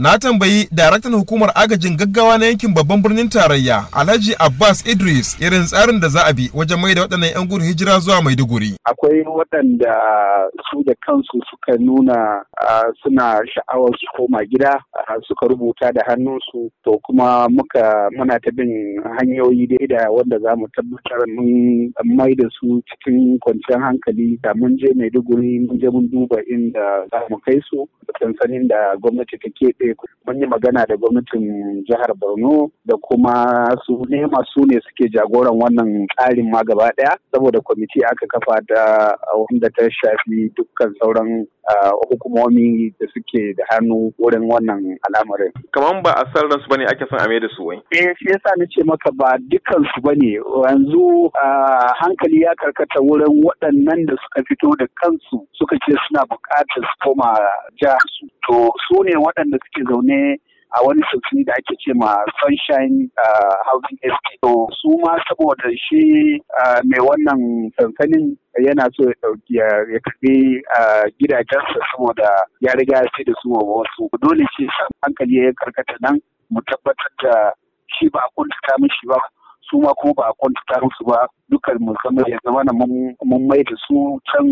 na tambayi daraktan hukumar agajin gaggawa na yankin babban birnin tarayya alhaji abbas idris irin tsarin da za a bi wajen mai da waɗannan 'yan gudun hijira zuwa maiduguri akwai waɗanda su da kansu suka nuna suna sha'awar su koma gida suka rubuta da hannunsu to kuma muka muna ta bin hanyoyi dai da wanda za mu tabbatar mun mai da su cikin kwanciyar hankali da mun je maiduguri mun je mun duba inda za mu kai su sansanin da gwamnati ta keɓe mun yi magana da gwamnatin jihar borno da kuma su nema su ne suke jagoran wannan tsarin ma gaba daya saboda kwamiti aka kafa da wanda ta shafi dukkan sauran hukumomi da suke da hannu wurin wannan al'amarin. Kamar ba a san ransu bane ake son a da su wai. Eh shi yasa na ce maka ba dukkan su bane yanzu hankali ya karkata wurin waɗannan da suka fito da kansu suka ce suna buƙatar su koma jihar su. To su ne waɗanda suke zaune a wani sansani da ake ce ma sunshine uh, housing estate to su ma saboda shi uh, mai wannan sansanin yana so ya ɗauki ya karɓi uh, gidajensa saboda ya riga ya sai da su wa wasu dole ce hankali ya karkata nan mu tabbatar da shi ba a kuntata mishi ba su ma kuma ba a kwantata musu ba dukkan zama ya zama na mun mai da su can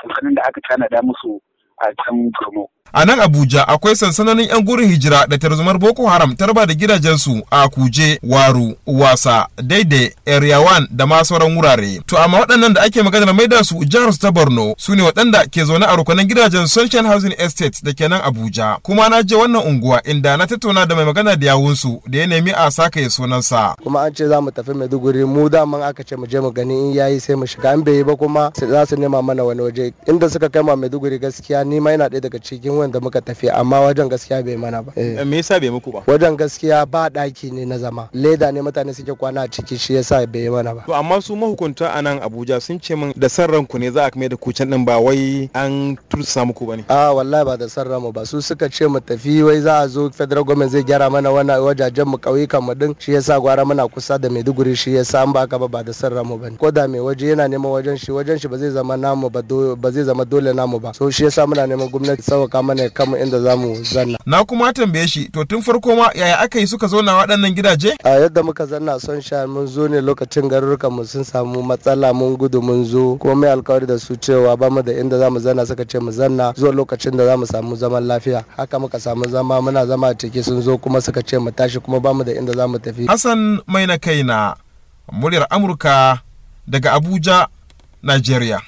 sansanin da aka tanada musu a can Borno. A nan Abuja akwai sansanonin 'yan gurin hijira da tarzomar Boko Haram tarba da gidajensu a Kuje, Waru, Wasa, Daidai, Eryawan da ma sauran wurare. To amma waɗannan da ake magana maganar maida su jihar su ta Borno su ne waɗanda ke zaune a rukunin gidajen Sunshine Housing Estate da ke nan Abuja. Kuma na je wannan unguwa inda na tattauna da mai magana da yawunsu da ya nemi a saka ya sunansa. Kuma an ce za mu tafi Maiduguri mu daman aka ce mu je mu gani in yayi sai mu shiga an bai yi ba kuma za su nema mana wani waje inda suka kai ma Maiduguri gaskiya ni ma yana ɗaya daga cikin garuruwan da muka tafi amma wajen gaskiya bai mana ba eh. me yasa bai muku ba wajen gaskiya ba daki ne na zama leda ne mutane suke kwana ciki shi yasa bai mana ba to amma su mahukunta a nan Abuja sun ce min da san ranku ne za a mai da kucin din ba wai an tursa muku bane a wallahi ba da san ranmu ba su suka ce mu tafi wai za a zo federal government zai gyara mana wannan wajajen mu kauyukan mu din shi yasa gwara muna kusa da Maiduguri shi yasa an baka ba ba da san ranmu bane ko da mai waje yana neman wajen shi wajen shi ba zai zama namu ba ba zai zama dole namu ba so shi yasa muna neman gwamnati sauka mana kama inda za mu zanna. Na kuma tambaye shi to tun farko ma yaya aka yi suka zauna waɗannan gidaje? A yadda muka zanna son sha mun zo ne lokacin garurukan mu sun samu matsala mun gudu mun zo ko mai alkawari da su cewa ba mu da inda za mu zanna suka ce mu zanna zuwa lokacin da za mu samu zaman lafiya haka muka samu zama muna zama a ciki sun zo kuma suka ce mu tashi kuma ba mu da inda za mu tafi. Hassan mai na kaina muryar Amurka daga Abuja, nigeria.